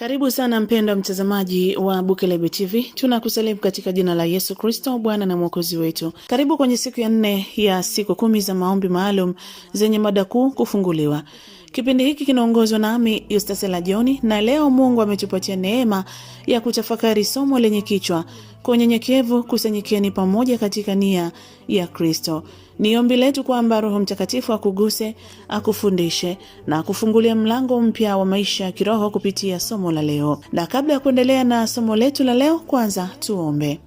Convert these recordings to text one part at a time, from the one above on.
Karibu sana mpendwa mtazamaji wa Bukelebe TV, tunakusalimu katika jina la Yesu Kristo, Bwana na mwokozi wetu. Karibu kwenye siku ya nne ya siku kumi za maombi maalum zenye mada kuu kufunguliwa. Kipindi hiki kinaongozwa nami la joni na leo Mungu ametupatia neema ya kutafakari somo lenye kichwa kwa unyenyekevu kusanyikeni pamoja katika nia ya Kristo. Ni ombi letu kwamba Roho Mtakatifu akuguse, akufundishe na akufungulie mlango mpya wa maisha ya kiroho kupitia somo la leo. Na kabla ya kuendelea na somo letu la leo, kwanza tuombe.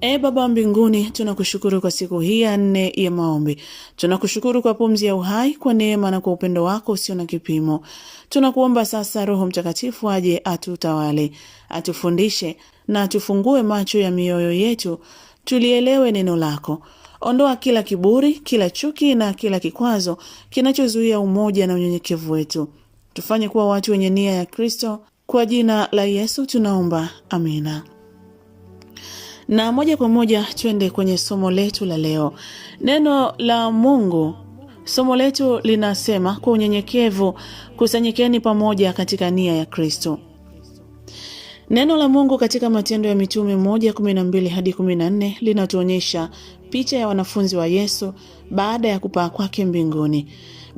E Baba mbinguni, tunakushukuru kwa siku hii ya nne ya maombi. Tunakushukuru kwa pumzi ya uhai, kwa neema na kwa upendo wako usio na kipimo. Tunakuomba sasa Roho Mtakatifu aje atutawale, atufundishe na atufungue macho ya mioyo yetu, tulielewe neno lako. Ondoa kila kiburi, kila chuki na kila kikwazo kinachozuia umoja na unyenyekevu wetu. Tufanye kuwa watu wenye nia ya Kristo. Kwa jina la Yesu tunaomba, amina. Na moja kwa moja twende kwenye somo letu la leo, neno la Mungu. Somo letu linasema kwa unyenyekevu kusanyikeni pamoja katika nia ya Kristo. Neno la Mungu katika Matendo ya Mitume 1:12 kumi hadi 14 linatuonyesha picha ya wanafunzi wa Yesu baada ya kupaa kwake mbinguni.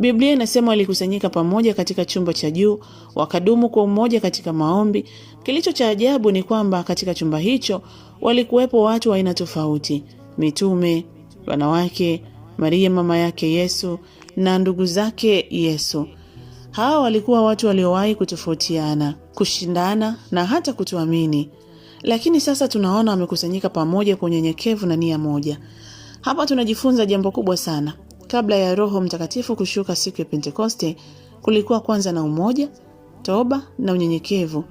Biblia inasema walikusanyika pamoja katika chumba cha juu, wakadumu kwa umoja katika maombi. Kilicho cha ajabu ni kwamba katika chumba hicho walikuwepo watu wa aina tofauti: mitume, wanawake, Maria mama yake Yesu na ndugu zake Yesu. Hawa walikuwa watu waliowahi kutofautiana, kushindana na hata kutuamini, lakini sasa tunaona wamekusanyika pamoja kwa unyenyekevu na nia moja. Hapa tunajifunza jambo kubwa sana. Kabla ya Roho Mtakatifu kushuka siku ya Pentekoste, kulikuwa kwanza na umoja, toba na unyenyekevu.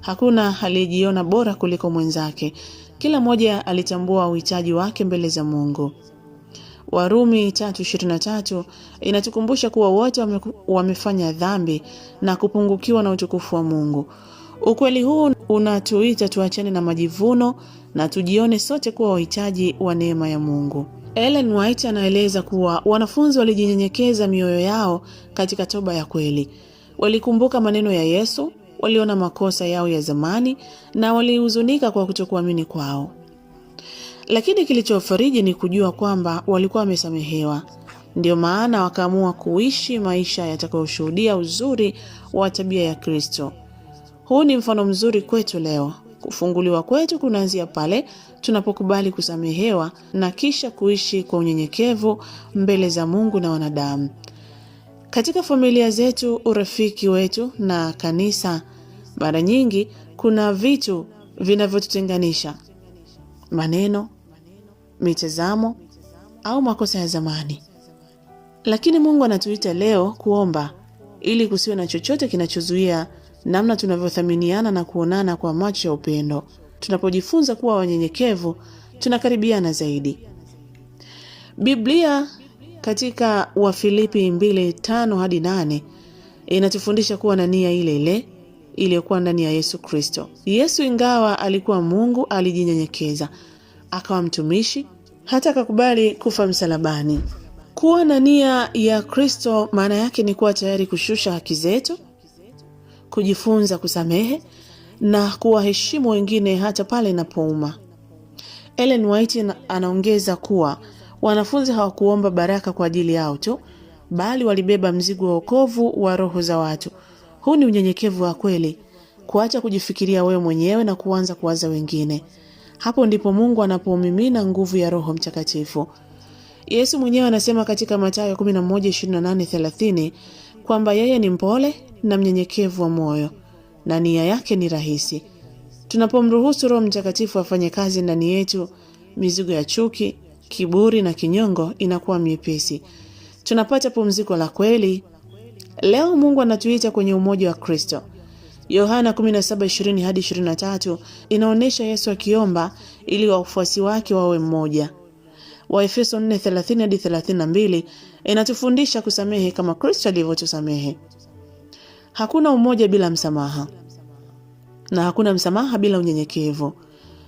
Hakuna aliyejiona bora kuliko mwenzake. Kila mmoja alitambua uhitaji wake mbele za Mungu. Warumi 3:23 inatukumbusha kuwa wote wamefanya dhambi na kupungukiwa na utukufu wa Mungu. Ukweli huu unatuita tuachane na majivuno na tujione sote kuwa wahitaji wa neema ya Mungu. Ellen White anaeleza kuwa wanafunzi walijinyenyekeza mioyo yao katika toba ya kweli. Walikumbuka maneno ya Yesu, waliona makosa yao ya zamani na walihuzunika kwa kutokuamini kwao, lakini kilichofariji ni kujua kwamba walikuwa wamesamehewa. Ndiyo maana wakaamua kuishi maisha yatakayoshuhudia uzuri wa tabia ya Kristo. Huu ni mfano mzuri kwetu leo. Kufunguliwa kwetu kunaanzia pale tunapokubali kusamehewa na kisha kuishi kwa unyenyekevu mbele za Mungu na wanadamu. Katika familia zetu, urafiki wetu na kanisa, mara nyingi kuna vitu vinavyotutenganisha: maneno, mitazamo au makosa ya zamani. Lakini Mungu anatuita leo kuomba ili kusiwe na chochote kinachozuia namna tunavyothaminiana na kuonana kwa macho ya upendo. Tunapojifunza kuwa wanyenyekevu, tunakaribiana zaidi. Biblia katika Wafilipi 2:5 hadi 8 inatufundisha kuwa na nia ile ile iliyokuwa ndani ya Yesu Kristo. Yesu ingawa alikuwa Mungu, alijinyenyekeza akawa mtumishi, hata akakubali kufa msalabani. Kuwa na nia ya Kristo maana yake ni kuwa tayari kushusha haki zetu kujifunza kusamehe na kuwaheshimu wengine hata pale inapouma. Ellen White anaongeza kuwa wanafunzi hawakuomba baraka kwa ajili yao tu, bali walibeba mzigo wa wokovu wa roho za watu. Huu ni unyenyekevu wa kweli, kuacha kujifikiria wewe mwenyewe na kuanza kuwaza wengine. Hapo ndipo Mungu anapomimina nguvu ya Roho Mtakatifu. Yesu mwenyewe anasema katika Mathayo 11:28-30 kwamba yeye ni mpole na mnyenyekevu wa moyo na nia yake ni rahisi. Tunapomruhusu Roho Mtakatifu afanye kazi ndani yetu, mizigo ya chuki, kiburi na kinyongo inakuwa miepesi. Tunapata pumziko la kweli. Leo Mungu anatuita kwenye umoja wa Kristo. Yohana 17:20 hadi 23 inaonyesha Yesu akiomba ili wafuasi wake wawe mmoja. Waefeso 4:30 hadi 32 inatufundisha kusamehe kama Kristo alivyotusamehe. Hakuna umoja bila msamaha na hakuna msamaha bila unyenyekevu.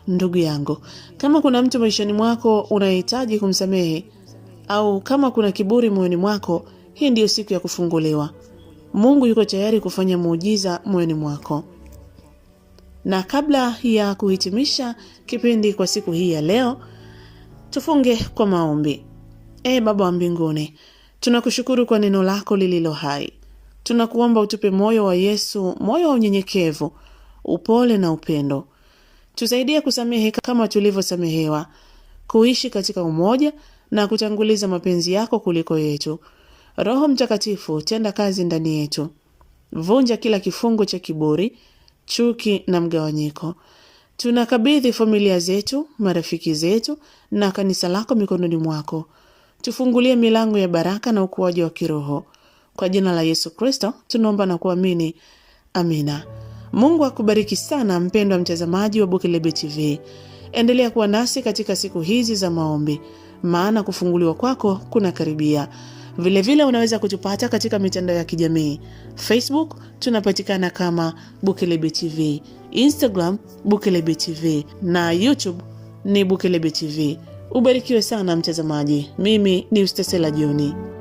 Ndugu yangu, kama kuna mtu maishani mwako unahitaji kumsamehe, au kama kuna kiburi moyoni mwako, hii ndiyo siku ya kufunguliwa. Mungu yuko tayari kufanya muujiza moyoni mwako. Na kabla ya kuhitimisha kipindi kwa siku hii ya leo Tufunge kwa maombi. E Baba wa mbinguni, tunakushukuru kwa neno lako lililo hai. Tunakuomba utupe moyo wa Yesu, moyo wa unyenyekevu, upole na upendo. Tusaidie kusamehe kama tulivyosamehewa, kuishi katika umoja na kutanguliza mapenzi yako kuliko yetu. Roho Mtakatifu, tenda kazi ndani yetu. Vunja kila kifungo cha kiburi, chuki na mgawanyiko. Tunakabidhi familia zetu, marafiki zetu na kanisa lako mikononi mwako. Tufungulie milango ya baraka na ukuaji wa kiroho. Kwa jina la Yesu Kristo tunaomba na kuamini, amina. Mungu akubariki sana mpendwa mtazamaji wa Bukelebe TV. Endelea kuwa nasi katika siku hizi za maombi, maana kufunguliwa kwako kuna karibia. Vilevile vile unaweza kutupata katika mitandao ya kijamii Facebook tunapatikana kama Bukelebe TV, Instagram Bukelebe TV na YouTube ni Bukelebe TV. Ubarikiwe sana mtazamaji, mimi ni ustesela jioni